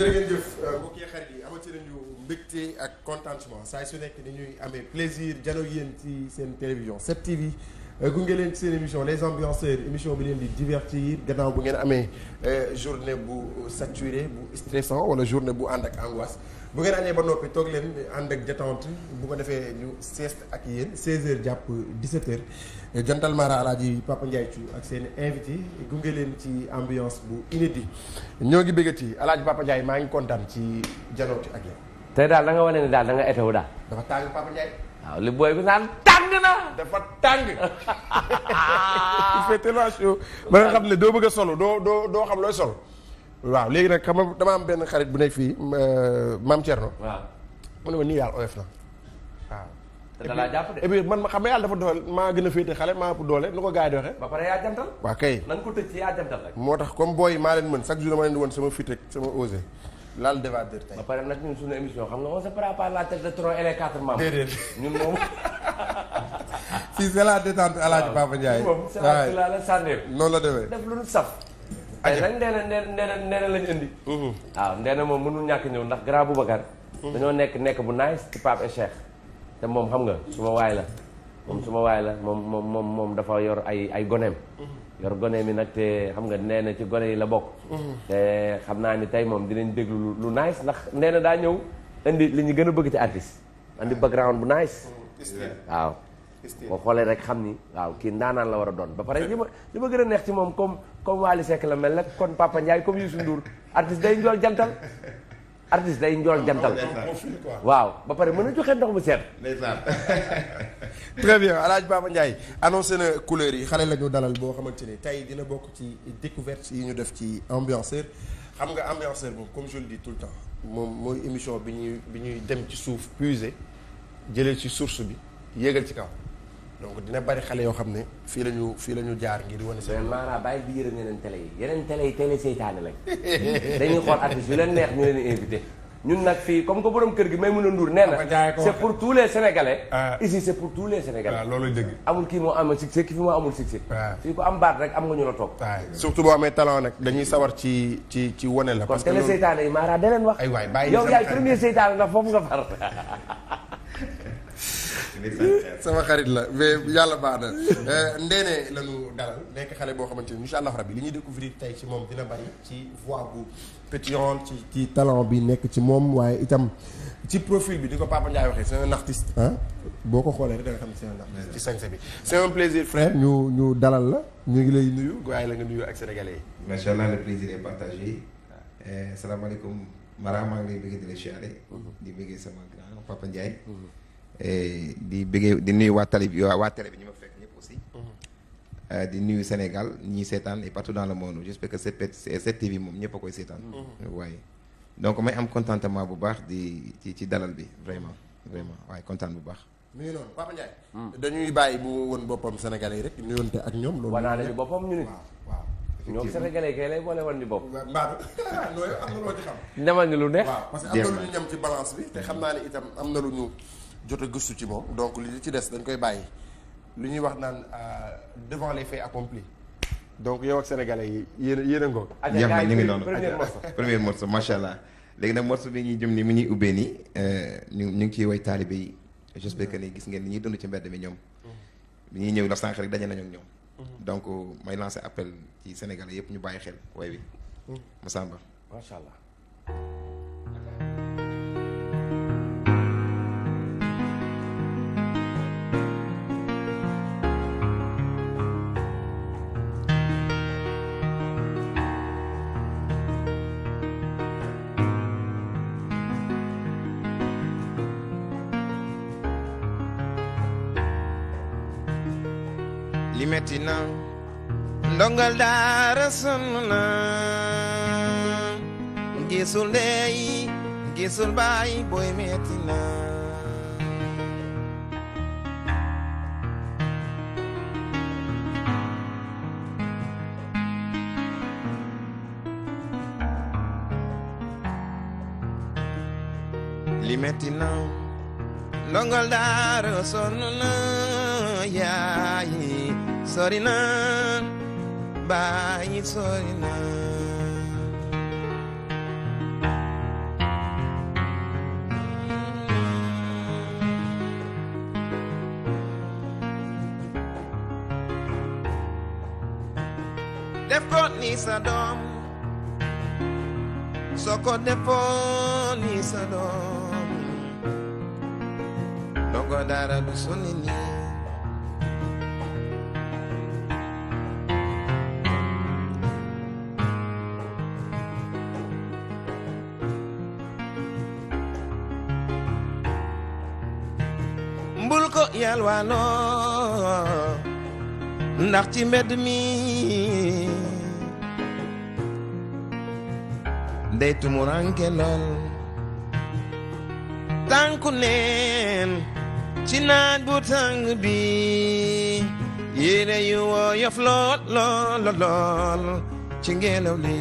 jërë ngeen jëf euh, mbokki xarit yi amati nañu mbégte ak contentement saa su nekk ni ñuy amee plaisir jano yéen ci seen télévision 7TV euh, gunge leen ci seen émission les ambianceurs émission bi leen di divertir gannaaw bu ngeen amee euh, journée bu saturée bu stressant wala journée bu ànd ak angoisse bu naa añee ba noppi toog leen ànd ak détente bu ko defee ñu sieste ak yéen 16h jàpp 17h Jantal Mara Alaaji Papa Ndiaye Thiou ak seen invité gunge leen ci ambiance bu inédit ñoo ngi bëggati Alaaji Papa Ndiaye maa ngi kontaan ci janooti ak yow. tey daal da nga wane ne daal da nga etewu daal. dafa tàng Papa Ndiaye. waaw li booy bi naan tàng na. dafa tàng. il fait tellement ba nga xam ne doo bëgg a solo doo doo doo xam looy solo. waaw léegi nag xam nga dama am benn xarit bu nekk fii maam Thierno. waaw mu ne ma nii yàlla oyof na waaw. te da laa jàpp de. et puis man xam nga yàlla dafa doole maa gën a féete xale maa ëpp doole nu ko gars yi waxee. ba pare yaa jantal. waaw kay na nga ko tëj moo tax comme booy maa leen mën chaque jour dama woon sama fit sama osé. laal débatteur tey. ba nag ñun suñu émission xam nga on se prépare la tête de tronc et les quatre membres. déedéet ñun moom. si c'est la détente Alaaji Papa Ndiaye. waaw noonu la demee def lu nu saf. tey nag ndeena ndeena ndeena lañu indi waaw ndeena moom mënul ñàkk ñëw ndax grand Boubacar dañoo nekk nekk bu nice ci Pape et te moom xam nga suma waay la moom suma waay la moom moom moom moom dafa yor ay ay goneem yor gone mi nag te xam nga nee na ci gone yi la bokk te xam naa ni tey moom dinañ déglu lu nice ndax nee na daa ñëw indi li ñu gën a bëgg ci artiste indi background bu nice waaw boo xoolee rek xam ni waaw kii ndaanaan la war a doon ba pare li ma li ma gën a neex ci moom comme comme Wally Seck la mel nag kon Papa Ndiaye comme Youssou Ndour artiste day njool jantal artiste day njool jantal waaw ba pare mën a joxe ndox mu seet très bien alaaj Papa Ndiaye annoncé na couleur yi xale la ñu dalal boo xamante ni tey dina bokk ci découverte yi ñu def ci ambianceur xam nga ambianceur moom comme je le dis tout le temps moom mooy émission bi ñuy bi ñuy dem ci suuf puiser jëlee ci source bi yéegal ci kaw donc dina bari xale yoo xam ne fii la ñu fii la ñu jaar ngir wane seen. maanaa bàyyi di yërëm yeneen télé yi yeneen télé yi télé seytaane lañ dañuy xool artiste yu leen neex ñu leen fii comme que borom kër gi may mën a nduur nee na c'est pour tous les sénégalais ah. ici c'est pour tous les sénégalais ah, loolu dëgg amul am succès kii ah. la toog surtout boo amee talent nag dañuy sawar ci ci ci la parce que télé seytaane yi maanaa da wax ay waay bàyyi yow yaay premier seytaane nag foofu nga far sama xarit la mais yàlla baax na euh, Ndéné la ñu dalal nekk xale boo xamante ni incha allah rabi li ñuy découvrir tey ci moom dina bari ci voix bu pétillante ci ci talent bi nekk ci moom waaye itam ci profil bi di ko Papa Ndiaye waxee c'est un artiste ah boo ko xoolee rek da xam ne c'est un artiste ci sañse bi c'est un plaisir frère ñu ñu dalal la ñu ngi lay nuyu waaye la nga nuyu ak sénégalais yi. macha allah le plaisir est euh, salaamaaleykum Mara maa ngi lay bëgg di la siyaare mhm. di bëggee sama grand Eh, di bëggee di nuyu waa tali bi waa télé bi ñu ma fekk ñëpp aussi. Mm-hmm. Eh, di nuyu Sénégal ñi seetaan et partout dans le monde j'espère que cette TV moom ñëpp a koy seetaan. waaye mm-hmm. am contentement bu baax di ci ci dalal bi vraiment vraiment waaye kontaan bu baax. mi ngi mm. dañuy bàyyi bu woon boppam sénégalais yi rek nuyonte ak ñoom. loolu wanaale bi boppam ñu nit waaw ñoom sénégalais kay lay boole woon di bopp. waaw am na lu ne waaw parce que am na lu ñu ñam ci balance bi te xam naa ne itam am na lu ñu. jot a gëstu ci moom donc li ci des dañ koy bàyyi lu ñuy wax naan euh, devant les faits accomplis donc yow ak sénégalais yi yéen yéen a ngoog. jeex na ñu ngi noonu premier morceau premier allah léegi nag morceau bi ñuy jëm ni mu ñuy ubbee nii euh, ñu ñu ngi ciy way taalibe yi j'espère que ni gis ngeen ni ñuy dund ci mbedd mi ñoom. bi mm-hmm. ñuy ñëw la sànq rek daje nañu ak ñoom. Mm-hmm. donc may lancer appel ci sénégalais yëpp ñu bàyyi xel way wi. Massamba mm-hmm. macha allah. li metti na ndongal daara sonn na gisul ndey gisul baay booy metti na li metti na ndongal daara sonn na yaay sori na bàyyi sori ni sa doom soo ni sa doom dongo dara du nii yalwaanoo ndax ci mbedd mi ndey tumuranke lool tànku neen ci naaj bu tàng bi yére yu woyof lool lool lool ci ngelaw li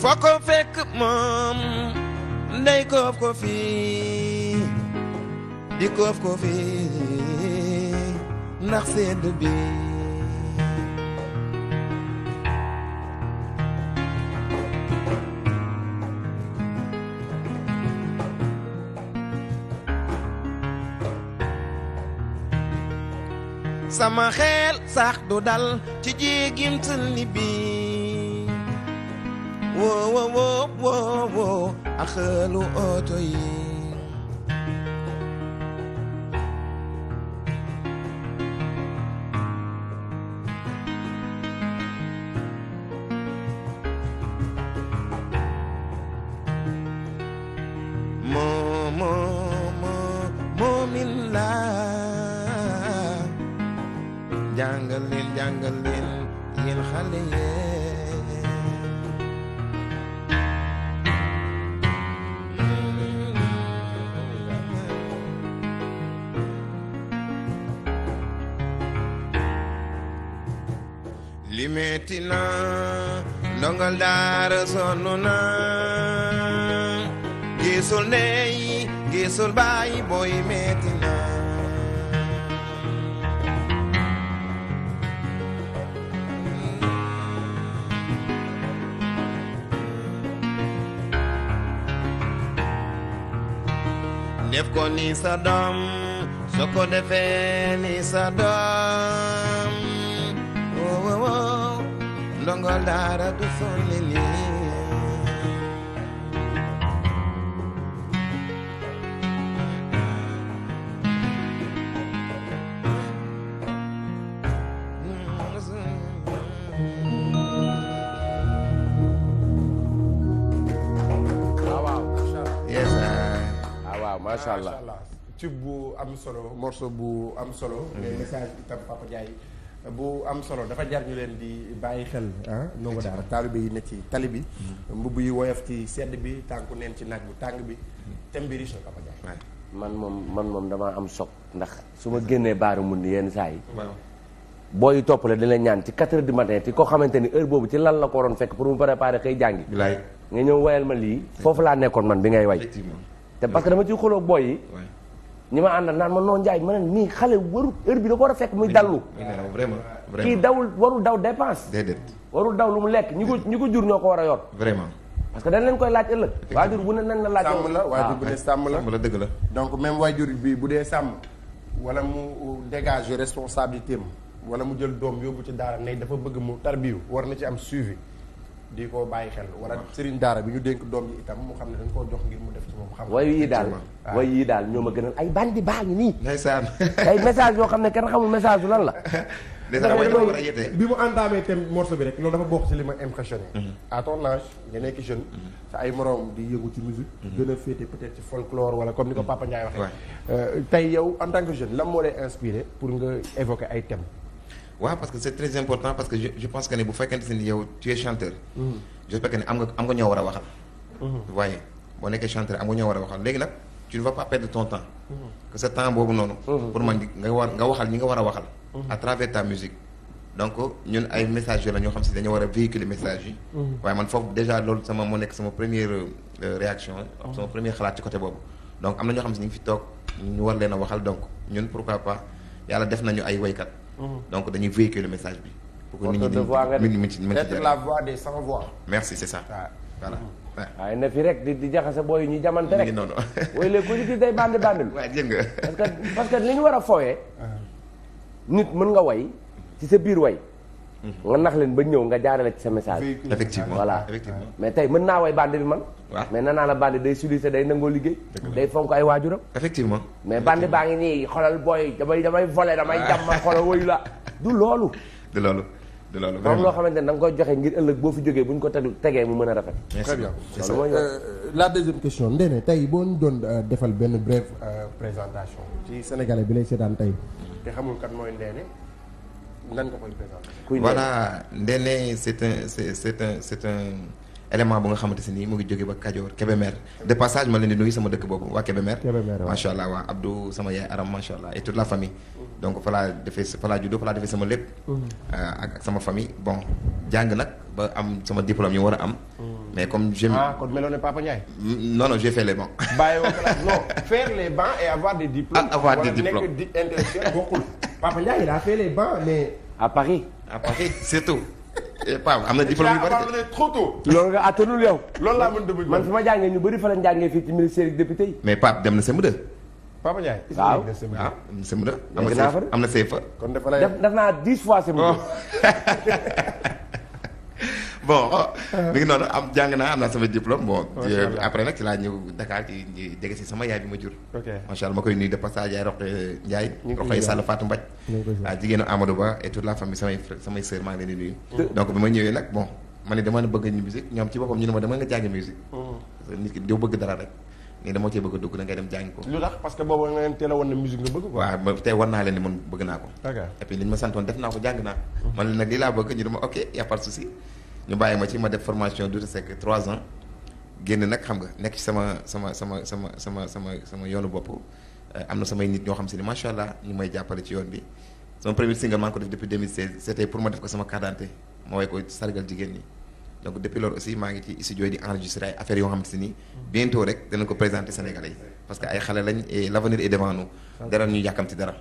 foo ko fekk moom ndey koof ko di koof koofi ndax sedd bi sama xel sax du dal ci jéegim tëlli bi woo woo woo woo woo axalu oto yi sonn na gisul ndey gisul baay booy metti na def ko ni sa doom ndongol daara du sonni Ah, macha allah ci bu am solo morceau bu am solo. mais mm-hmm. am solo dafa jar leen di bàyyi xel ah ndongo daara taalibe yi ne ci tali bi. Mm-hmm. mbubb yi woyof ci sedd bi tànku neen ci naaj bu tàng bi mm-hmm. thème bi riche na Papa Ndiaye. man moom man moom damaa am choc ndax su ma génnee baaru mun yenn saa yi. booy yi toppale di ñaan ci 4 heures du ci koo xamante ni heure boobu ci lan la ko waroon fekk pour mu préparer xëy jàngi. nga ñëw wayal ma lii foofu laa nekkoon man bi ngay way. te parce que dama ciy xuloo boy yi. ñi ma àndal naan ma noonu Ndiaye ma ne nii xale warut heure bi da ko war a fekk muy dallu. vraiment vraiment kii dawul warul daw dépense. déedéet warul daw lu mu lekk ñi ko ñi ko jur ñoo ko war a yor. vraiment. parce que dañ leen koy laaj ëllëg. waajur bu ne nañ na laaj. sàmm la waajur ah. bu dee sàmm la sàmm la dëgg la. donc même waajur bii bu dee sàmm. wala mu dégage responsabilité am wala mu jël doom yóbbu ci daara ne dafa bëgg mu tarbiyu war na ci am suivi. di ko bàyyi xel wala sëriñ daara bi ñu dénk doom yi itam mu xam ne dañ koo jox ngir mu def ci moom xam way yii daal way yii daal ñoo ma gënal ay bandi baa ngi nii message yoo xam ne kenn xamul message lan la bi mu entamé thème morceau bi rek loolu dafa bokk ci li ma impressionné mhm. à ton nga nekk jeune mhm. sa ay moroom di yëgu ci musique mhm. gën a féete peut-être ci folklore wala comme ni ko Papa Ndiaye waxee euh, tey yow en tant que jeune lam moo lay inspiré pour nga évoquer ay thèmes waaw parce que c'est très important parce que je je pense que ne bu fekkente ne yow tu es chanteur. Mm-hmm. j'espère que ne am nga am nga ñoo war a waxal. Mm-hmm. vous boo nekkee chanteur am nga ñoo war a waxal léegi nag tu ne vas pas perdre ton temps. Mm-hmm. que ce temps boobu noonu. pour man nga war nga waxal ñi nga war a waxal. à travers ta musique. donc ñun ay messages la ñoo xam si dañoo war a véhiculer message yi. waaye man foofu déjà loolu sama moo nekk sama première euh, réaction. boobu. donc am na ñoo xam si fi toog ñu war a waxal donc ñun pourquoi pas yàlla def nañu ay donc dañuy véhiculer le message bi. pour que nit ñi di ci être la voix des sans voix. merci c'est ça. voilà waaye ah, na fi rek di di jaxase booy ñuy jamante rek. non non waaye léegi ku ñu gis day bandi bandi. waaw jëng parce que parce que li ñu war a fooyee. nit mën nga way ci sa biir way. nga nax leen ba ñëw nga jaarale ci sa message. effectivement voilà mais tey mën naa way bande bi man. waaw mais nee naa la bande day sudisé day nangoo liggéey. day fonk ay waajuram. effectivement mais bande baa ngi nii xolal booy damay damay volé damay ah. jàmm xolal wayu la du loolu. du loolu. de loo xamante ne da nga koy joxe ngir ëllëg boo fi jógee bu ñu ko tegee mu mën a rafet. très bien euh, la deuxième question Ndéné tey boo doon euh, defal benn brève euh, présentation. ci sénégalais bi lay seetaan tey. te xamul kat mooy Ndéné. lan nga koy un c' un élément bu nga xamante ne nii mu ngi jóge ba Kajoor Kébémer de passage ma leen di nuyu sama dëkk boobu waa Kébémer. Kébémer waaw allah waa Abdou sama yaay Aram macha allah et toute la famille. Mm-hmm. donc fa laa defee fa laa juddoo sama lépp. Mm-hmm. Euh, ak sama famille bon jàng nag ba am sama diplôme yu war a am. Mm-hmm. mais comme j' ah kon meloon na Papa Ndiaye. Mm, non non j' ai fait les bancs. bàyyiwoo non faire les et avoir des diplômes. ak ah, avoir des Papa Ndiaye il a fait à Paris. à Paris surtout. am na diplôme bari trop tôt. loolu nga attanul yow. loolu laa mën dëgg man fi ma jàngee ñu bëri fa lañ jàngee fii ci ministère yi député yi. mais Pape dem na Sémou 2. Papa Ndiaye. waaw ah am na see am na see fa. kon def naa dix fois Sémou bon mi ngi noonu am naa am naa sama diplôme bon. après nag ci laa ñëw Dakar ci si sama yaay bi ma jur. ok macha allah ma koy nuyu de passage yaay Roqe euh, Ndiaye. ñu ngi koy Roqe Sall Fatou bëgg ñu ñoom ci boppam ma dama nga jàngi musique. Mm. parce que nit ki doo bëgg dara rek. nii a dugg da ngay dem ko. lu a wan ne tey wan naa leen ni man bëgg naa ko. et puis ma santoon def naa ko jàng naa. Mm-hmm. man nag lii laa bëgg ñu dama ok y' a ñu bàyyi ma ci ma def formation du sec trois ans génn nag xam nga nekk ci sama sama sama sama sama sama sama yoonu bopp euh, am na samay nit ñoo xam si ne macha allah ñu may jàppale ci yoon bi sama premier single maa ngi ko def depuis 2016 c'était pour ma def ko sama carte d'identité ma way ko sargal jigéen ñi donc depuis lors aussi maa ngi ci studio di enregistré ay affaires yoo xamante ni bientôt rek danañ ko présenter Sénégalais yi parce que ay xale lañ l'avenir est devant nous. dara ñu yàkkamti dara.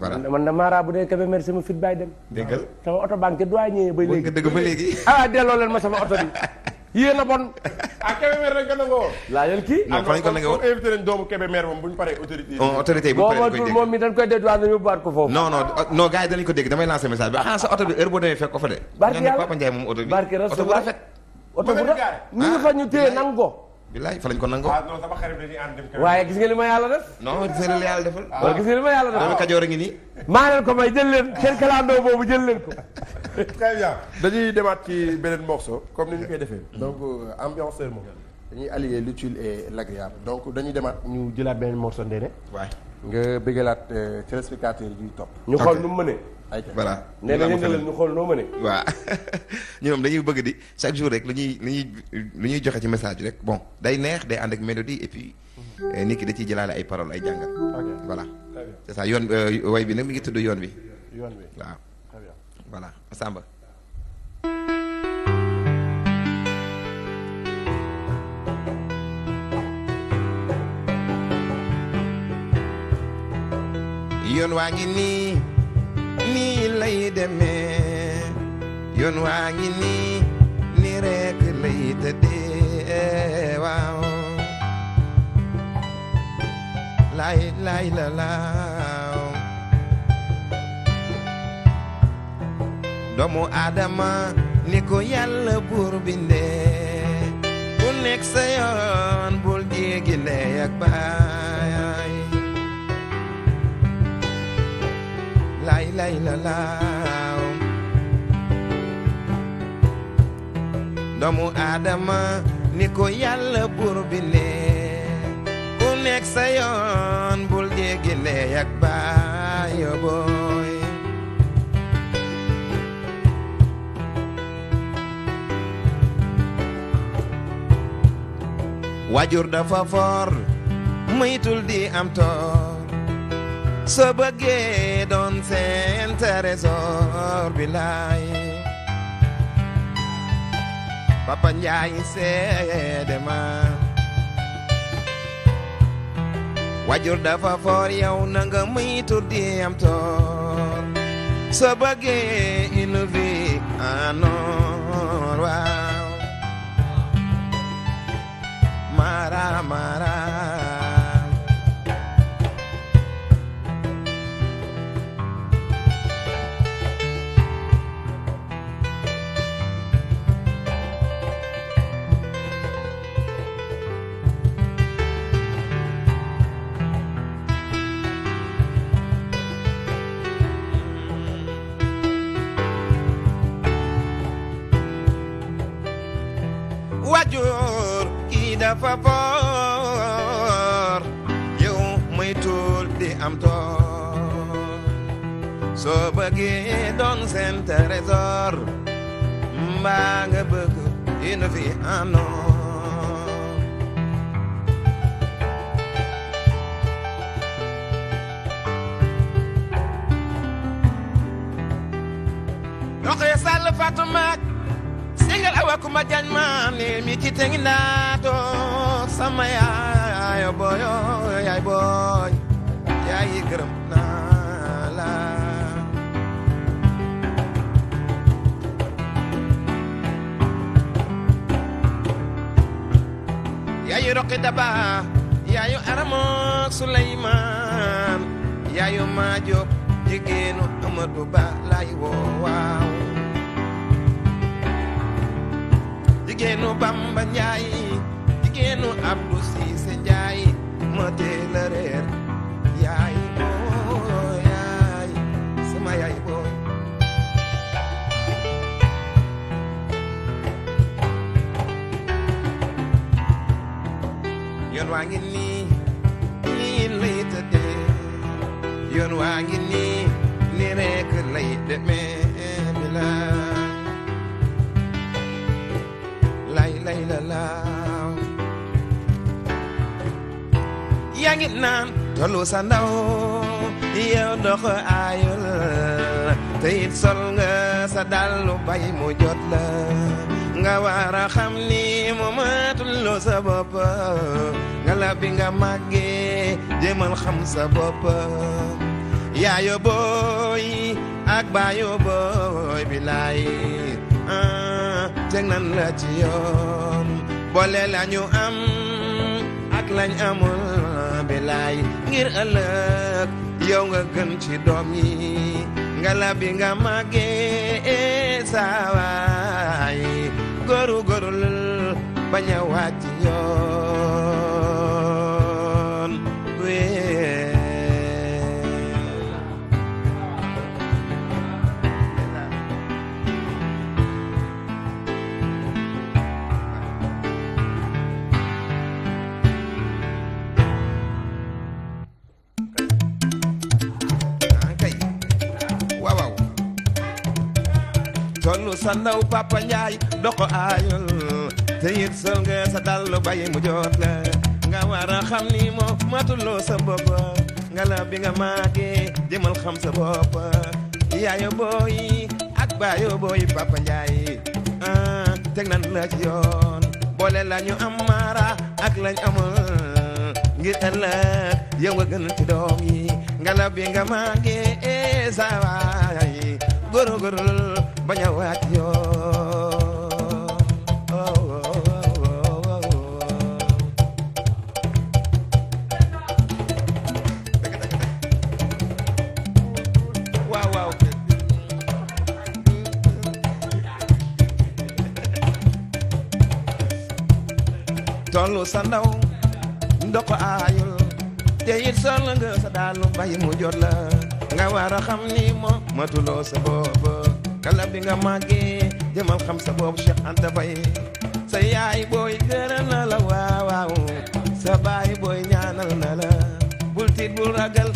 man de Mara bu dee Kébé merci sama fit baay dem. dégg sama oto banque doyen ñëwee ba léegi dëgg ah, delloo leen ma sama oto bi. yéen a bon. ah Kébémer dañ ko nangoo. laajal kii. non fan ko nangoo ah, invité nañ moom bu ñu paree autorité yi. Oh, autorité yi bu koy dégg moom mi dañ koy déddu ko foofu. non non non gars yi danañ ko dégg damay lancer message bi xanaa ah, sa oto bi boo demee fekk ko fa de. barke yàlla ñu ne Papa moom oto bi. barke rasulilah ngi fa ñu téye ah. nangu bilaay fa lañ ko nangoo. waaw ah, non waaye gis nga li ma yàlla def. non gis nga li yàlla defal. waaw gis nga li ma yàlla def. doomu kajoor a ngi nii. maa leen ko may jël leen seen kalandoo boobu jël leen ko. très dañuy demaat ci beneen morceau comme ni ñu koy defee. donc euh, ambianceur moom dañuy allier l'utile et l'agréable donc dañuy demaat ñu jëlaat beneen morceau Ndéné. waay. nga bëggalaat euh, téléspectateurs yi topp. ñu xool nu mu mënee. ayca voilà nee na yëngalal ñu xool noo mënee. waaw ñoom dañuy bëgg di chaque jour rek lu ñuy lu ñuy lu ñuy joxe ci message rek bon day neex day ànd ak mélodie et puis. Mhm. Euh, nit ki da ciy jëlaale ay paroles ay jàngat. voilà c'est ça yoon euh, way bi nag mi ngi tudd yoon bi. yoon bi waaw. Samba. yoon waa ngi nii nii lay demee yoon waa ngi nii nii rekk lay tëddee waaw laay laay la doomu aadama ni ko yàlla buur bindee ku nekk sa bul jéegi ndey ak lay doomu aadama ni ko yàlla buur bi lee ku nekk sa bul jéggi lee ak baayo booy waajur dafa for moytul di am toor soo bëggee doon seen trésor bi laay Papa Ndiaye seede ma wajur dafa foor yow na nga moytu di am toor soo bëggee une vie en or waaw mara mara fa foor yow muy tuul di am toor soo bëggee doon seen trésor mbaa nga bëgg une vie en or doxee awa kuma jañ ma ne mi ci tengi naa toog sama yaay boyo yaay booy yaay gërëm naa la yaayu roqi daba yaayu aramook suleymaan yaayu maa jóob jigéenu amadu ba lay woo jigéenu Bamba Njaay jigéenu Abdu Siise Njaay yoon waa ngi nii nii lay tëddee yoon waa ngi nii nii rekk lay demee bilaay la yaa ngi naan tollu sa ndaw yow dox aayul te it sol nga sa dallu bay mu jot la nga war a xam ni mu matul loo sa bopp nga la bi nga màggee jéemal xam sa bopp yaayo booy ak baayo booy bilaay ah. teg nan la ci yoon boole lañu am ak lañ amul bilaay ngir ëllëg yow nga gën ci doom yi ngala bi nga màggee saawaay góoru góorul bañ a wàcc yoon sa ndaw papa Njaay doko aayul te it sol sa dal lu mu joot la nga war a xam ni moo matuloo sa bopp nga la bi nga màggee jëmal xam sa bopp yaayo booyi ak baayo booyi papa Njaay ah teg nan la yoon boole la ñu am maara ak lañ amul ngir ëllëg yow nga gën ci doom nga la bi nga màggee eh, saa waay góorgóorlu bañ a tollu sa ndaw ndoko aayul te it sol nga sa daalu mbay mu jot la nga war a xam ni moo matuloo sa bopp xala bi nga màggee jëmal xam sa bopp Cheikh Anta Faye sa yaay booy gërëm na la waawaaw sa baay booy ñaanal na bul tiit bul ragal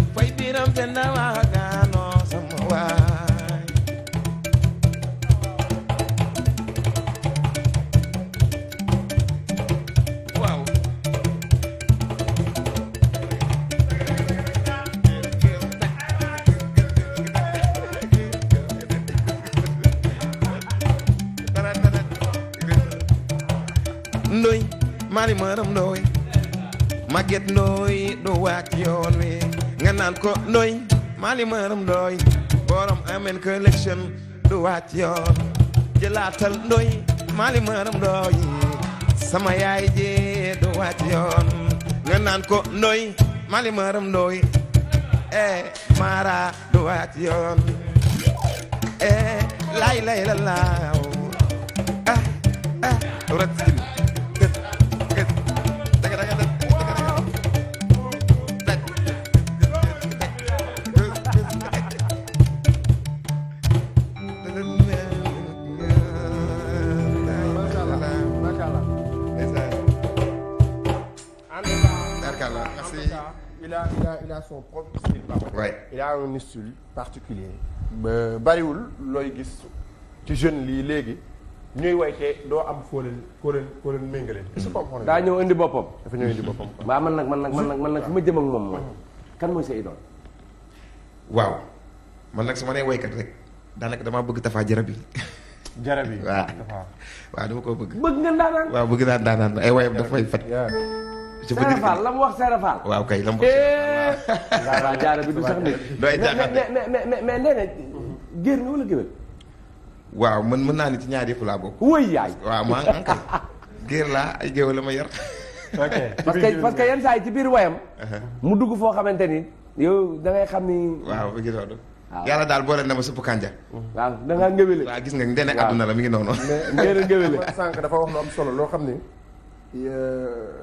nga naan ko ndooy maali maram ndooy borom amen collection du waak yoon jëlaatal ndooy maali maram ndooy sama yaay jee du waak yoon nga naan ko ndooy maali maram ndooy eh du waak yoon lay lay la laaw ah ah ratin Tabarkalla merci. il a il a il a son particulier. ba bariwul looy gis ci jeune lii léegi. ñuy wayte doo am foo leen koo leen koo leen méngale. daa ñëw indi boppam. dafa ñëw indi boppam. waaw man nag man nag man nag man nag fi ma jëm ak moom mooy. kan mooy sa idole. waaw man nag su ma nee waykat rek daanaka damaa bëgg tafaa Jarab yi. Jarab yi waaw. waaw dama ko bëgg. bëgg nga ndaanaan. waaw bëgg naa ndaanaan ay wayam daf may fat je veux dire que la mu wax Serap Fall. waaw kay la mu wax Serap eh, jaara bi du sax géer nga wala géwél. waaw man mën naa ni ci ñaari yëpp laa bokk. wëy yaay waaw ci biir wayam. Uh-huh. mu dugg foo xamante ni yow da xam ni. waaw gis daal boole na ma supp kànja. waaw da ngéwéle. waaw gis nga ndene àdduna la mi ngi noonu. mais ngéer a ngéwéle. sànq dafa wax lu am solo loo xam ni.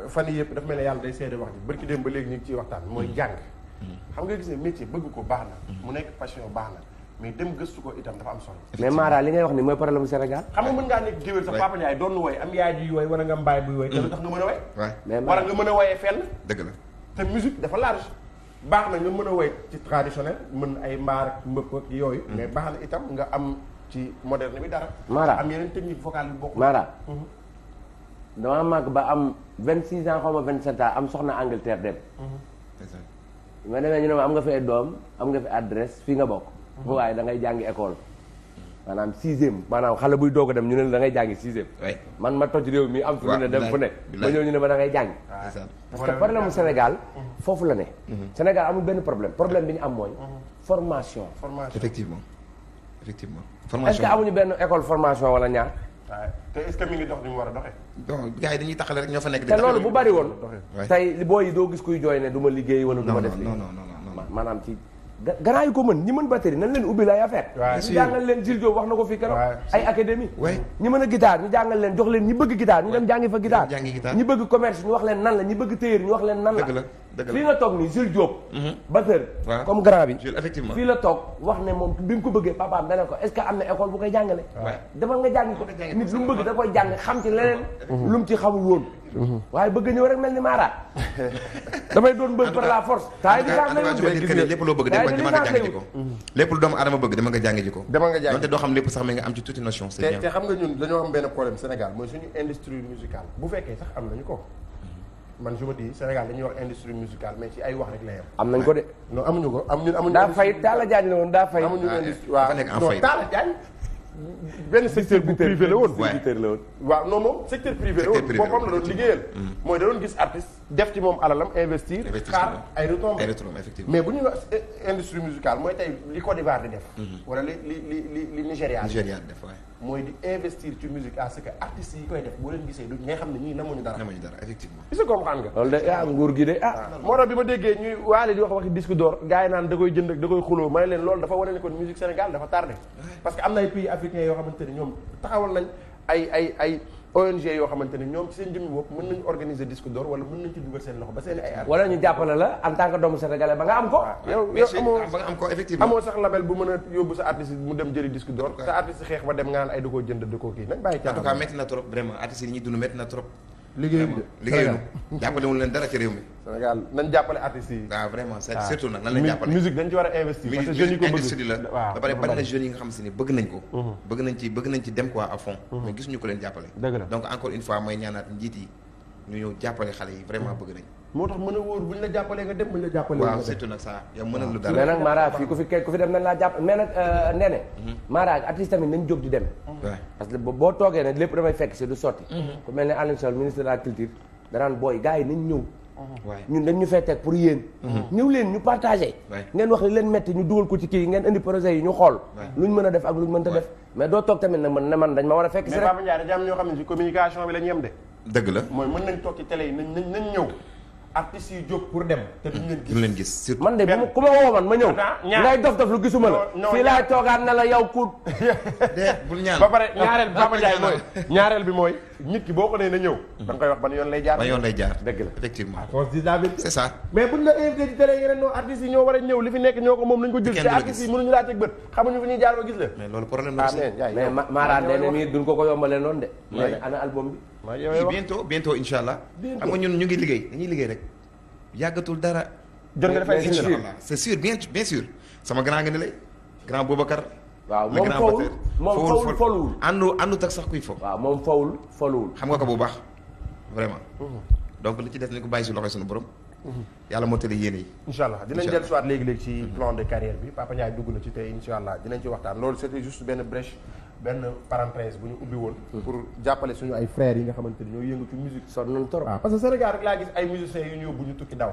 fan yii yëpp dafa mel ne yàlla day seede wax ji barki dem ba léegi ñu ngi waxtaan mooy mm. jàng. Mm. xam nga gis ne métier bëgg ko baax na. Mm. mu nekk passion baax na mais dem gëstu ko itam dafa am solo. mais li ngay wax ni mooy problème Sénégal. xam nga mën ngaa nekk géwél sa papa Ndiaye doon woy am yaay ji woy wala nga mbaay buy woy. te lu tax nga mën a woy. waay wala nga mën a woyee la baax na nga mën a woy ci traditionnel mën ay mbaar ak mbëpp ak yooyu. mais baax na itam nga am ci moderne bi dara. Mara am yeneen technique vocale yu bokk. Mara mm-hmm. damaa màgg ba am 26 ans xaw ma 27 ans am soxna Angleterre dem. Mm-hmm. ma demee ñu ne ma am nga fi ay doom am nga fi adresse fii nga bokk. Mm-hmm. waaye da jàngi école. maanaam sixième maanaam xale buy doog a dem ñu ne la jàngi sixième. man ma toj réew mi am. fu ñu ne dem fu ne. ma ñëw ñu ne ma da ngay jàngi. Ah, parce que problème Sénégal. Mm-hmm. foofu la ne. Sénégal amul benn problème problème bi ñu am mooy. formation. formation effectivement effectivement. formation est-ce amuñu benn école formation waaw te est-ce que mi ngi dox ni mu war a doxee. donc gars yi dañuy taxale rek ñoo fa nekk. di taxale te loolu bu bari woon. tey booy doo gis kuy jooy ne du liggéey wala du def. non non non ci. gannaaw ko mën ñi mën batterie nan leen ubbi lay affaire ñu jàngal leen Gilles Diop wax na ko fii keroog ay académie ñi mën a guitare ñu jàngal leen jox leen ñi bëgg guitare ñu dem jàngi fa guitare ñi bëgg commerce ñu wax leen nan la ñi bëgg téer ñu wax leen nan la fii nga toog ni Jules Diop. Mhm. batteur comme grand bi. fii la toog wax ne moom bi mu ko bëggee papaam dana ko est-ce que am na école bu koy jàngale. dafa nga jàngi ko nit lu mu bëgg da koy jàng xam ci leneen. lu mu ci xamul woon. Mhm. waaye bëgg ñëw rek mel ni maaraat. damay doon bëgg par la force. taa yi nga ko. Mhm. lépp lu doomu aadama bëgg dama nga jàng ji ko. dama nga jàng donte doo xam lépp sax am ci tuuti notion. c'est te xam nga ñun dañoo am benn problème Sénégal mooy suñu industrie musicale bu fekkee sax am nañu ko man je me dis Sénégal dañuy wax industrie musicale mais ci ay wax rek la yem. am nañ ko de. Ah, non amuñu ko am ñun amuñu. daa fay Talla Diagne la woon daa fay. amuñu ah, industrie eh, waaw non Talla Diagne. benn secteur bu privé la woon. secteur la woon. waaw non moom secteur privé la woon. secteur privé la woon boppam la doon liggéeyal. mooy da doon gis artiste. def ci moom alalam investir. xaar ay retombées effectivement mais bu ñu eh, industrie musicale mooy tey li Côte d'Ivoire di def. Mhm. wala li li li li Nigéria. Nigéria def waay. mooy di investir ci musique à ce yi koy def boo leen gisee du ngay xam ne ñii namuñu dara. namuñu dara effectivement. gis nga comprendre nga. loolu de ah nguur gi de ah. ah. moo tax bi ma déggee ñuy waale di wax waxi disque d'or gars yi naan da koy jënd ak da koy xuloo ma leen loolu dafa wane ne kon musique Sénégal dafa tardé. parce que am na ay pays yoo xamante ne ñoom taxawal nañ ay ay ay. ONG yoo xamante ne ñoom ci seen jëmmi bopp mën nañu organiser disque d'or wala mën nañu ci dugal seen loxo ba seen ay. wala ñu jàppale la en tant que doomu sénégalais ba nga am ko. Ah, yow yow amoo ba nga am ko effectivement. amoo sax label bu mën a yóbbu sa artiste mu dem jëri disque d'or. sa artiste xeex ba dem nga naan ay da koo jënd da koo kii nag bàyyi caa. en na trop vraiment artistes yi ñuy dund na trop. liggéeyuñu liggéeyuñu jàppale wu leen dara ci réew mi Sénégal nañ jàppale artistes yi. waaw ah, vraiment ah. surtout nag nan lañ jàppale. musique dañ ci war a mhm. fond mhm. mais gisuñu ko leen jàppale donc encore une fois mooy ñaanaat njiit yi ñu ñëw jàppale xale yi vraiment mhm. bëgg nañ moo tax mën a wóor buñ la jàppalee nga dem buñ la jàppalee waaw surtout nag mën a lu dara mais nag Mara fii ku fi ku fi dem nañ laa jàpp mais nag euh, Nene Mara artiste dem parce que boo toogee ne lépp dafay fekk si du sotti ku mel ne Alioune Sall ministre de la ñun dañ ñu fee teg pour yéen mhm. ñëw ñu partagé ngeen wax li leen metti ñu dugal ko ci kii ngeen indi projet yi ñu xool luñ mën a def ak luñ mënta def mais doo toog tamit nag man dañ ma war a fekk si rek mais ñëw artistes yi jóg pour dem te duñ leen leen gis man de ku ma woo man ma ñëw ngay dof dof lu gisuma la fii laay toogaat ne la yow ku ba pare ñaareel bi mooy nit ki boo ko nee na ñëw. Mhm. da nga koy wax ban yoon lay jaar. ban yoon lay jaar dëgg la effectivement. c'est ça. mais buñ la invité li fi nekk ko moom nañ ko jël. te artistes yi mënuñu laa teg bët xamuñu fi ñuy jaar ba gis la. mais loolu problème la aussi mais Mara album bi. maa yow wax bientôt bientôt incha allah. bientôt xam nga ñun ñu ngi liggéey liggéey rek yàggatul dara. jot c'est sûr bien bien sama grand nga ni lay grand Boubacar waaw moom fowul moom fowul àndu àndu tak sax kuy fo. waaw moom fowul fowul. xam nga ko bu baax vraiment. Mhm. donc li ci des nañ ko bàyyi si loxo suñu borom. Mhm. yàlla moo tëddee yéen yi. incha allah dinañ jël soit léegi léegi ci mhm. plan de carrière bi Papa Ndiaye dugg na ci tey incha allah dinañ ci waxtaan loolu c'était juste benn brèche benn parenthèse bu ñu ubbi woon. pour jàppale suñu ay frères yi nga xamante ni ñoo yëngu ci musique. sonn nañ trop waaw ah. parce que Sénégal rek laa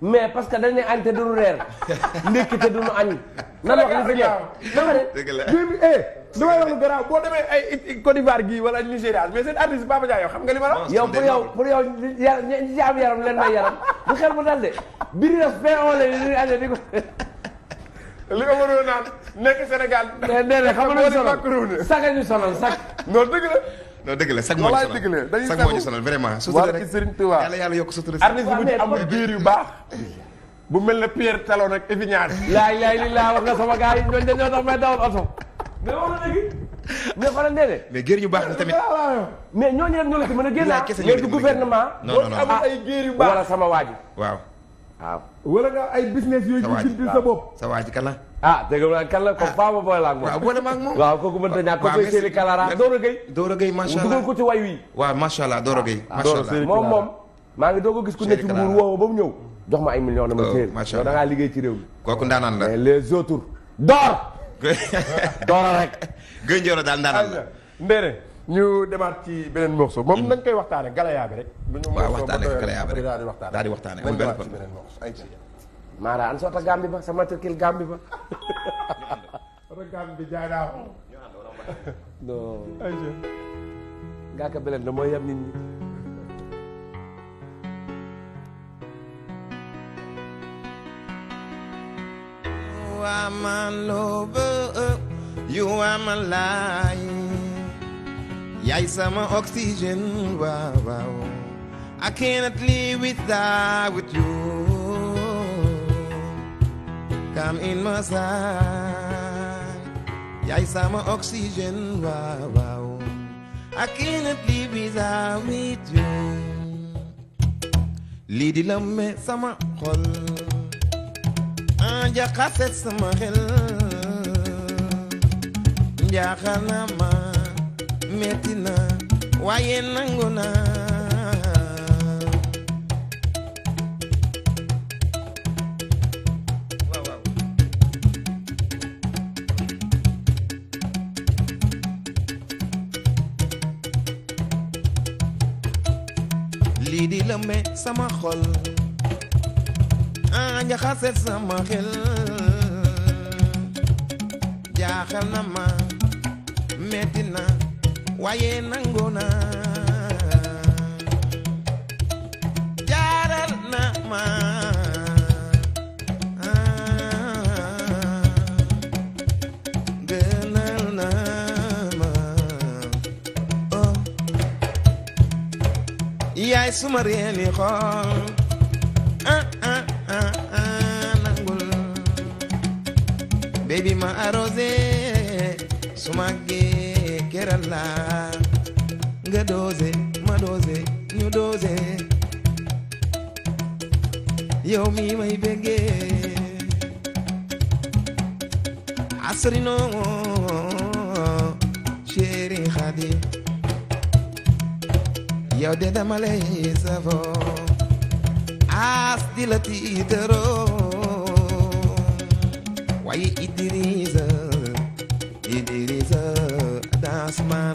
mais parce que dañ ne añ te duñu reer ndékki te duñu añ. nan wax li fi nekk dama ne. dëgg la damay eh, boo demee ay Côte d'Ivoire gii wala Nigéria mais seen artiste Baba Dia yow xam nga li ma la. yow pour yow pour yow yaram ñi yaram bu xel mu dal de biir yi leen li ñu añee di ko. li nga waroon naan nekk Sénégal. nee na xam nga lu ñu sonal sax la. non dëgg la sag moo ñu sonal sag moo ñu sonal vraiment. sutura rek Sëriñ Tuubaa yàlla yàlla yokk sutura. artiste bu amul biir yu baax. bu mel ne Pierre Talon ak Evignane. laay laay li laa wax nga sama gars yi ñooñu dañoo tax may dawal oto. mais wax na léegi. mais xoolal déedéet. mais géer yu baax la tamit. mais ñooñu rek ñoo la ci mën a génnaat. léegi gouvernement. non non non boo amul ay géer yu baax wala sama waaji waaw wala nga ay business yooyu sa bopp sa waa ji kan la ah dégg naa kan la comme faama boy la moom waaw boole ma ak moom waaw kooku mënta ñàkk ko seeni kalara Doro Gueye Doro Gueye macha ko ci way wi waaw macha allah ah, moom moom maa ngi doog a gis ku ne ci nguur woo ba mu jox ma ay million na ma téer door door rek gën jooro daal ndaanaan la mbére ñu demaat ci beneen morceau moom mm. nañ koy waxtaane galayaa bi rek waaw waxtaane galayaa bi rek daal di waxtaane daal di waxtaane amul maara an soota gambi ba sama tërkil gambi ba soota gambi jaay ko gaaka beneen da mooy nit ñi yaay sama oxygène waaw waaw I cannot live without you in my side sama oxygène waaw waaw I cannot live without you di lëmme sama xol a jaxase sama xel njaaxal na metti na waaye nangu na lii di lëmbe sama xol ah njaxase sama xel jaaxal na ma metti na waaye nangu na jaaral na ma gënal na ma oh yaay suma xool ah, ah, ah, baby ma arrosé suma teral la nga doose ma doose ñu doose yow mi may bégge asrino chéri xadi yow de dama lay safo as di la tiitaro waaye Idrissa Asmaan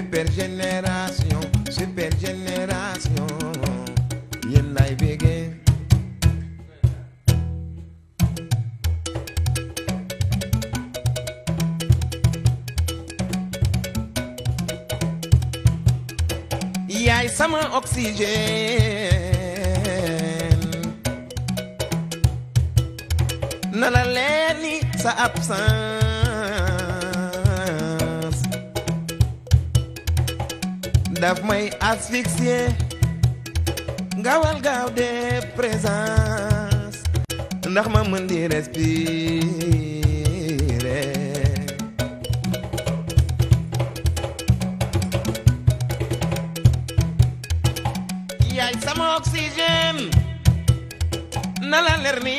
super génération super génération yéen lay yaay sama oxygène sens daf may asphyxier ngawal gaaw de présence ndax ma mën di respirer yaay sama oxygène na la leer ni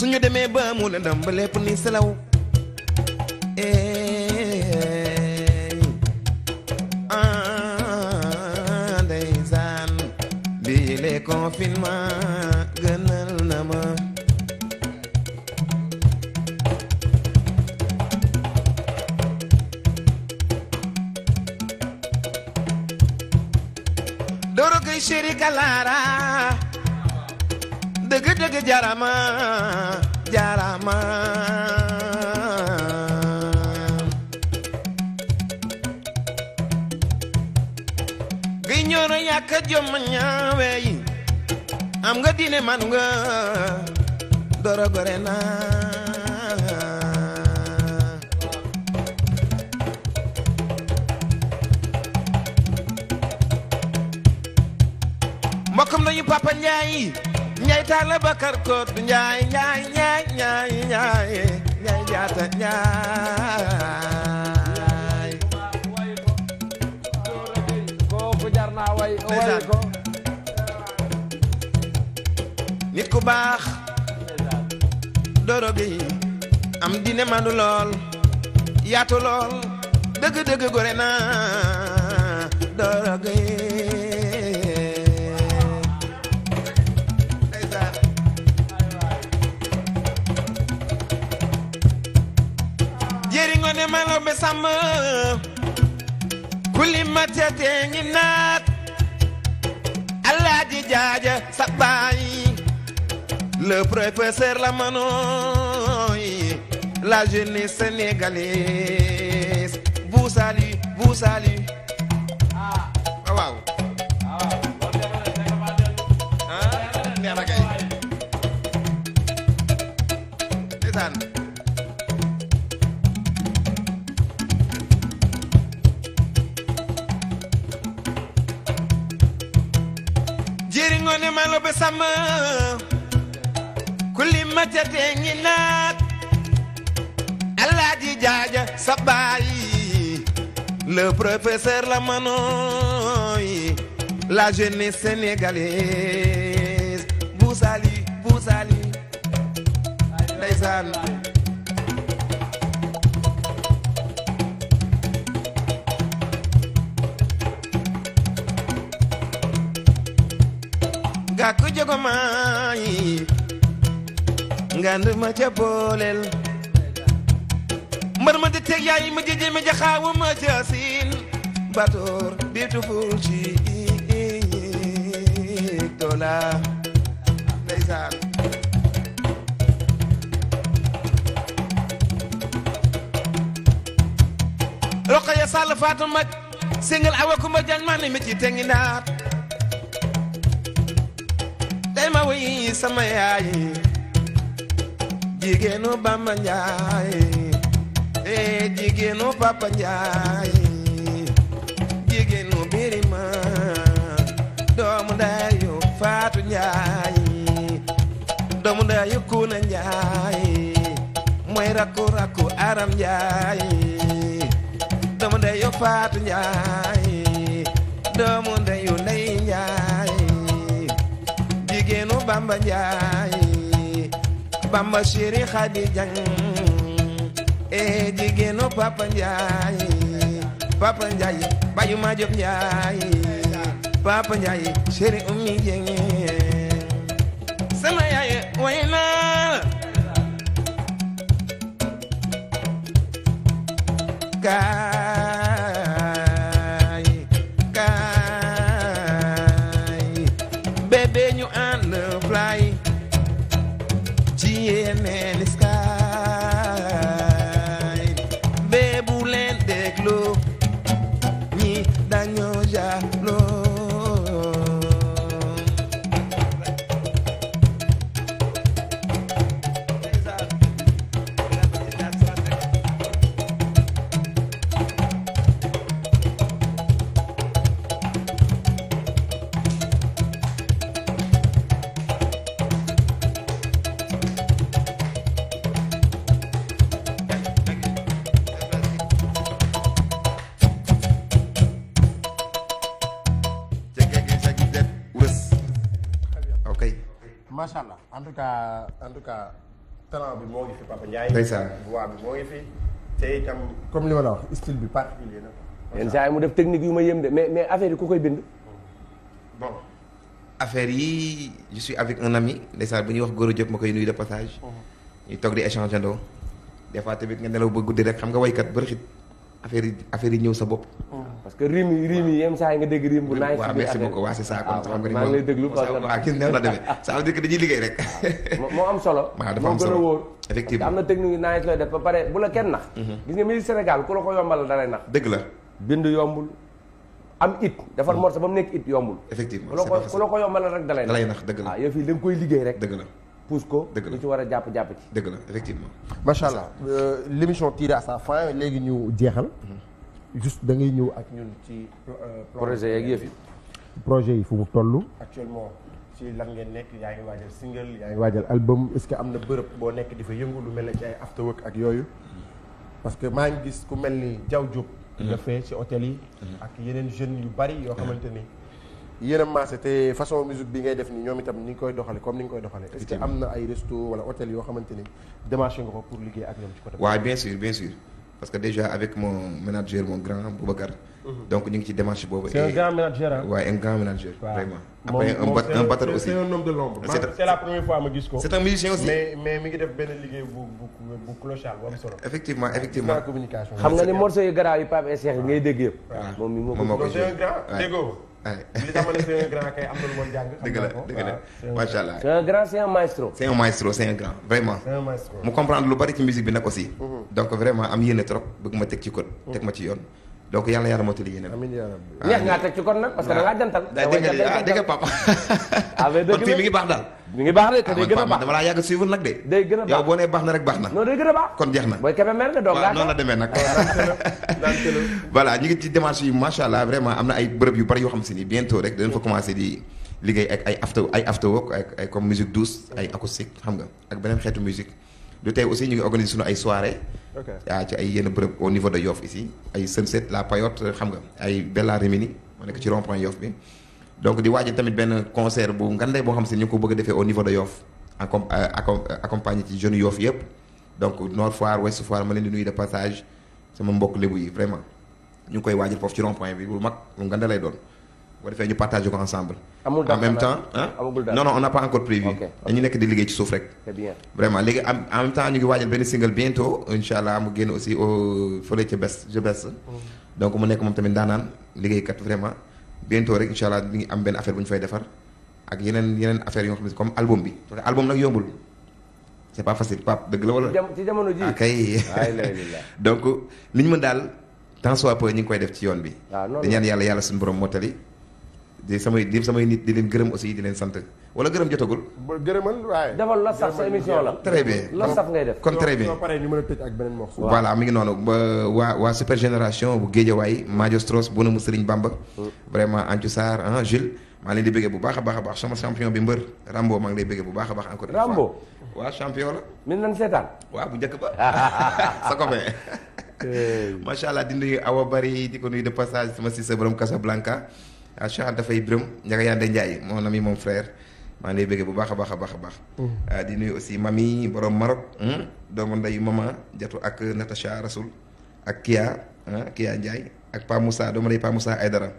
suñu demee ba mu lëndëm ba lépp ni selaw ah ndeysaan bii le confinement gënal na ma doro koy chéri kalaara dëgg dëgg jarama jomma ñaaweyi am nga diine man nga dorogore na mbokkam nañu papa Njaay Njaay Taala Bakar Koot Njaay Njaay Njaay Njaay Njaay Njaay Jaata Njaay way way nit ku baax doro gi am dine manu lool yaatu lool dëgg-dëgg gore na doro gi jëri ngo ne malo be sàmm kulli ma teete ngi naa jaaja sa baay le professeur Lamanooy la jeunesse sénégalaise vous salue vous salue bàyyi le professeur Lamanooy la jeunesse sénégalaise Bouzali Bouzali ndeysaan gàkk jogo maay ngand ma ca booleel mbar ma dëtteeg yaay ma jëjee ma jaxaawu ma jaasin batoor beautiful ci dollar ndeysaan Rokhaya Sall Fatou Mag singal awa kumba jaan maa ne mi ci tengi ndaat day ma woy sama yaay jigéenu Bamba Njaay e jigéenu Papa Njaay jigéenu Birima doomu dayu Faatu Njaay doomu dayu Kuna Njaay mooy rakku rakku Aram Njaay doomu dayu Faatu Njaay doomu dayu Ndey Njaay jigéenu Bamba Njaay Bamba Chéri Xadi Jang eh jigéenu Papa Ndiaye Papa Ndiaye bayu ma jop Ndiaye Papa Ndiaye chéri ummi jenge sama yaay way naa tout cas bi moo ngi fi Papa Ndiaye. ndeysaan voix bi moo ngi te bi particulier na. yenn saa yi mu def technique yu ma yëm de mais mais affaire yi ku koy bind. bon affaire yi je suis avec un ami ndeysaan bu ñuy wax Goro Diop ma koy nuyu de passage. Mhm. ñuy toog di échange andoo. des fois nga nelaw ba guddi rek xam nga waykat bëri xit affaire yi affaire yi ñëw sa bopp. Ah, parce que rim yi rim saa yi nga dégg rim bu naay. waaw merci beaucoup ah, waaw gis nga la demee ça veut dire dañuy liggéey rek. moo am solo. waaw dafa am solo moo a wóor. effectivement am na technique yu naaj looy def ba pare bu la kenn nax. Mhm. gis nga mii Sénégal ku la ko yombal da lay nax. dëgg la bind yombul. am it defar mhm. morceau ba mu nekk it yombul. effectivement ku la ko ku la ko nax. dëgg la ah liggéey rek. dëgg la pousse ko. dëgg la lu ci war a jàpp jàpp ci. dëgg la effectivement. macha allah euh, l' émission tire à sa fin léegi ñu jeexal. Mhm. juste da ngay ñëw ak ñun ci. Euh, projet yeeg yëf yi. projet yi fu mu toll. actuellement ci lan ngeen nekk yaa ngi waajal single yaa ngi waajal album est-ce que am na bërëb boo nekk di fa yëngu lu mel ne ci ay after work ak yooyu. Mhm. parce que maa ngi gis ku mel ni Diaw Diop. Mhm. dafay ci hôtel yi. ak yeneen jeunes yu bari yoo xamante ni. yéen a maase te façon musique bi ngay def ni ñoom itam ni ngi koy doxale comme ni nga koy doxale est-ce am na ay resto wala hôtel yoo xamante ni démarché nga ko pour liggéey ak ñoom ci côté waaw bien sûr bien sûr parce que déjà avec mon manager mon grand Boubacar mhm. donc ñu ngi ci démarche boobu. c'est un grand manager ah. waaw un grand manager. vraiment après un bat un batteur aussi. c'est un homme de l'ombre. c'est la première fois ma xam nga ni morceau yu moom moom moo li tax ma ne c'est un grand kay am na lu ma jàng. dëgg la dëgg la macha allah. c'est un grand c'est un maestro. c'est un maestro c'est un grand vraiment. c'est un maestro mu comprendre lu bari ci musique bi nag aussi. Mm-hmm. donc vraiment am yéene trop bëgg ma teg ci code. teg ma ci yoon. donc yàlla yàlla mottali yéen a. amiin yaa rabbi neex ngaa teg ci kon nag parce que jantal. da ah, dégg nga ah dégg papa. Ah, ngi baax daal. mu ngi baax de te day ah, gën a baax dama yàgg suivre nag de. a boo nee na rek baax na. non day a baax kon jeex na. booy kebe mer nga doog waaw noonu la demee nag. voilà ñu ngi ci démarche yu macha allah vraiment am na ay bërëb yu bari yoo xam si ni bientôt rek dinañ fa commencé di liggéey ak ay after ay after work ay comme musique douce ay acoustique xam nga ak beneen xeetu musique du tey aussi ñu ngi organiser ay soirée waaw ci ay yenn bërëb au niveau de Yoff ici ay Sunset la Payotte xam nga ay Bella Rimini ma nekk ci rond point Yoff bi donc di waajal tamit benn concert bu ngandee boo xam si ñu ko bëgg a defee au niveau de Yoff encom euh, euh, accompagné ci jeunes Yoff yëpp donc Nord Foire Ouest Foire ma leen di nuyu de passage sama mbokk lébu yi vraiment ñu ngi koy waajal foofu ci rond point bi bu mag lu ngande lay doon bu defee ñu partager ko ensemble. amul en même temps ah non non dañu nekk di liggéey ci suuf rek. c'est bien vraiment léegi en même temps ñu ngi waajal benn single bientôt incha allah mu génn aussi au fële ca bes je mm. donc mu nekk moom tamit daanaan liggéeykat vraiment bientôt rek incha allah ñu ngi am benn affaire bu ñu fay defar ak yeneen yeneen affaire yoo xam ne comme album bi parce que album nag yombul. c'est pas facile Pape dëgg la wala. ci jamono ji ah, donc li ñu mën daal tant soit ñu ngi koy def ci yoon bi. waaw ah, noonu yàlla yàlla suñu borom di samay di samay nit di leen gërëm aussi di leen sant wala gërëm jotagul. ba gërëmal defal la saf sa émission la. très bien la saf ngay def. kon très bien pare ñu a ak beneen morceau. mi ngi noonu ba waa waa super génération bu Géejawaay Madio Stros Bonamu sëriñ Bamba. vraiment Anthiou Sarr ah Jules. maa leen di bëggee bu baax a baax a baax sama champion bi mbër Rambo maa ngi lay bëggee bu baax a baax encore une fois Rambo waaw champion la min nan seetaan waaw bu njëkk ba sa copain macha allah di nuyu Awa Bari di ko nuyu de sama si sa borom Casablanca ah Cheikh Anta Faye Birame ñaka yande Ndiaye mon ami mon frère maa ngi lay bu baax a baax a baax a baax. Mm. Ah, di nuyu aussi mami borom Maroc. doomu ndeyu mama jatu ak Natacha Rasoul ak Kia ah Kia Ndiaye ak Pa Moussa doomu ndeyu Pa Moussa Aydara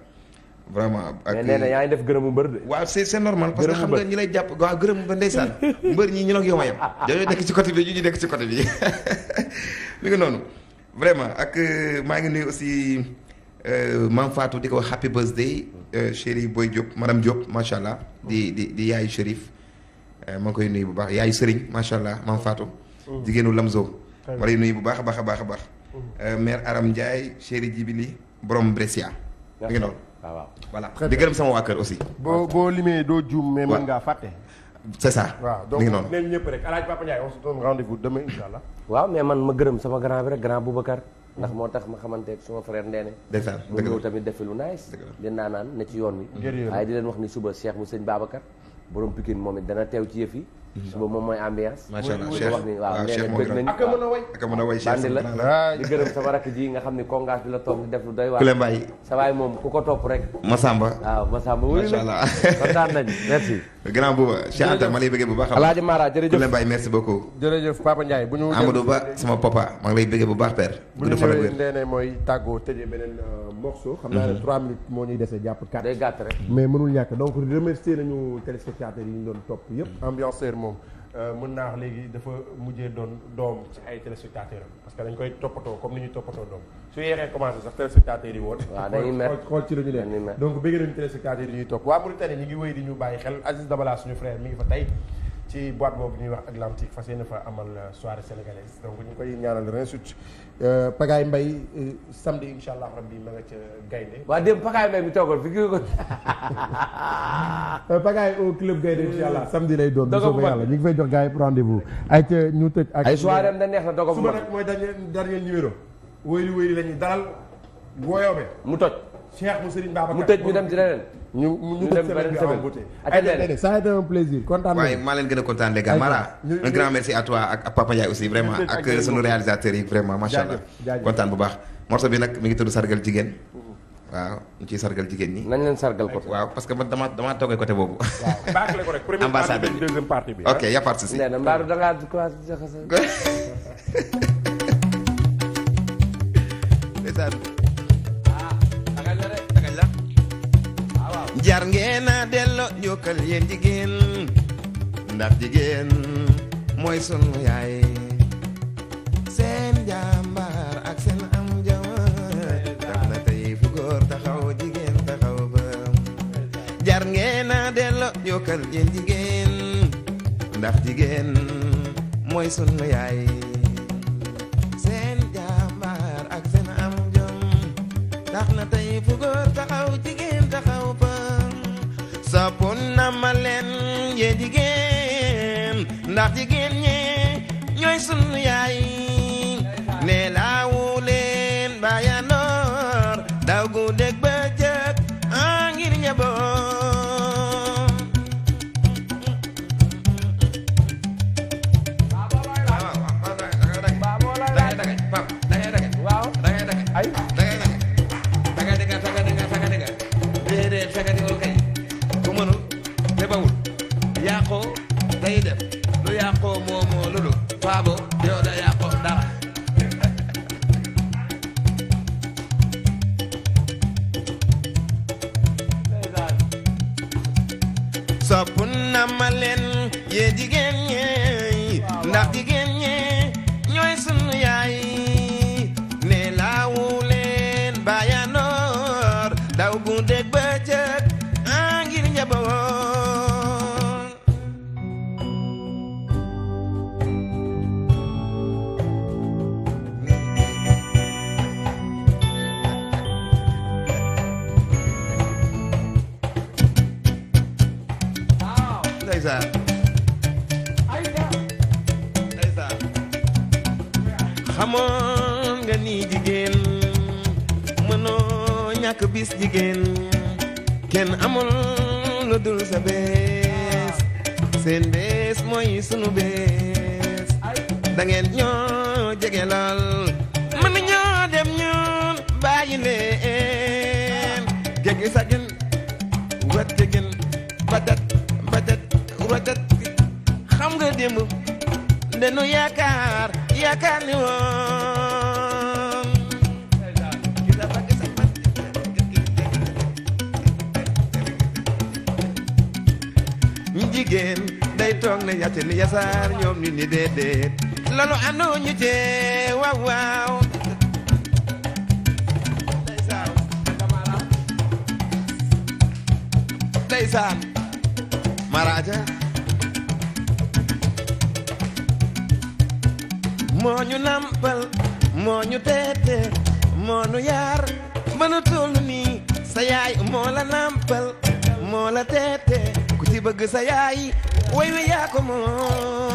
vraiment ak mais nee na yaa ngi def de. waaw c'est c'est normal parce que xam nga ñi jàpp waaw gërëmu mbër ndeysaan mbër ñi yow ma yem. dañoo nekk ñu ngi nekk ci côté mi ngi noonu. vraiment ak euh, maa ngi nuyu aussi. Euh, maam Fatou di ko wax happy birthday euh, chéri Boy Diop madame Diop macha allah di di di yaayu Chérif euh, maa ngi koy nuyu bu baax yaayu Serigne macha allah maam Fatou. Mm-hmm. jigéenu Lamzo. ma lay nuyu bu baax a baax a baax a baax. maire mm-hmm. Aram Ndiaye chéri Jibili borom Brescia. mi ngi noonu waaw voilà di sama waa kër aussi. boo boo limee doo juum mais mën ngaa fàtte. c'est ça. waaw man ma gërëm sama grand bi rek grand Boubacar. ndax moo tax ma xamante ak suma frère Ndene mu ñëw tamit defi lu nice di naanaan ne ci yoon wi waaye di leen wax ni suba Cheikh mu sëñ Babacar borom Pikine moom it dana teew ci yëf yi boobu moom mooy ambiance. macha allah Cheikh wax ni ah, a mën a way ak a la di gërëm sama rakk ji nga xam ni kongaas bi la toog def lu doy waar. Kule sa waay moom ku ko topp rek. Massamba waaw Massamba wuyu la kontaan nañu merci. grand booba ma lay bëggee bu baax. Alaaji Mara jërëjëf Kule Mbaye merci beaucoup. jërëjëf Papa Ndiaye Ba sama papa maa ngi lay bëggee bu baax ñu ñëwee leneen mooy tàggoo tëjee beneen euh, morceau. xam naa ne mhm. trois minutes moo ñuy dese jàpp quatre. day gàtt rek mais mënul ñàkk donc remercier nañu téléspectateurs yi ñu doon topp yëpp ambianceur moom euh, mën naa wax léegi dafa mujjee doon doom ci ay téléspectateurs am parce que dañ koy toppatoo comme ni ñu toppatoo doom su yeexee commencé sax téléspectateurs yi woon xool ci la ñu leen donc bëgg nañu téléspectateurs yi ñuy topp waa Mauritanie ñi ngi wéy di ñu bàyyi xel Aziz Dabala suñu frère mi ngi fa tey ci boîte boobu ñuy wax Atlantique fas yéene fa amal euh, soirée sénégalaise donc ñu koy ñaanal ren Euh, Pagaay Mbaye euh, samedi incha allah rabbi ma nga ca gaynde waaw démb Pagaay Mbaye mi toogoon fi kii ko. Pagaay club gaynde incha allah euh, samedi lay doon. dogo bu yàlla ñu ngi fay jox gars rendez-vous. ay ca ñu tëj ak. neex na dogo bu suba nag mooy dernier dernier numéro. wóyli wóyli la ñuy dalal. Ngoyobe mu toj. Cheikh mu Serigne Babacar mu tëj ñu dem ci ñu ñu dem beneen semaine ayca ça a été un kontaan waaye maa leen gën a kontaan les Mara grand merci à ak Papa Ndiaye aussi vraiment ak sunu réalisateur yi vraiment macha allah kontaan bu baax morceau bi nag mi ngi tudd sargal jigéen waaw ñu ci sargal jigéen ñi. nañ leen sargal ko waaw parce que man damaa damaa toogee côté boobu. waaw bi deuxième partie bi. ok y' a si. nee na mbaaru da ngaa jar ngeen a delloo njukkal yéen jigéen ndax jigéen mooy sunu yaay seen jàmbaar ak seen am jama tax na tey fu taxaw jigéen taxaw ba jar ngeen a delloo njukkal yéen jigéen ndax jigéen mooy sunu yaay soppu na ma leen yee jigéen ndax jigéen ñee ñooy sunu yaay jigéen ñi ndax jigéen ñoom ñu ni déedéet loolu anu ñu cee waaw waaw nampal moo ñu teete moo ñu yaar mënu toll nii sa yaay moo nampal moo teete ku ci bëgg sa yaay way we yaa ko moom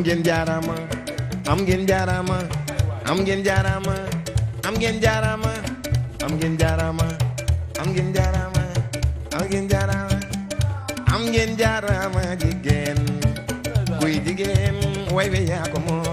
ngeen jaaraama am ngeen jaaraama am ngeen jaaraama am ngeen jaaraama am ngeen jaaraama am ngeen jaaraama am ngeen jaaraama am ngeen jaaraama jigéen kuy jigéen way we yaa ko moom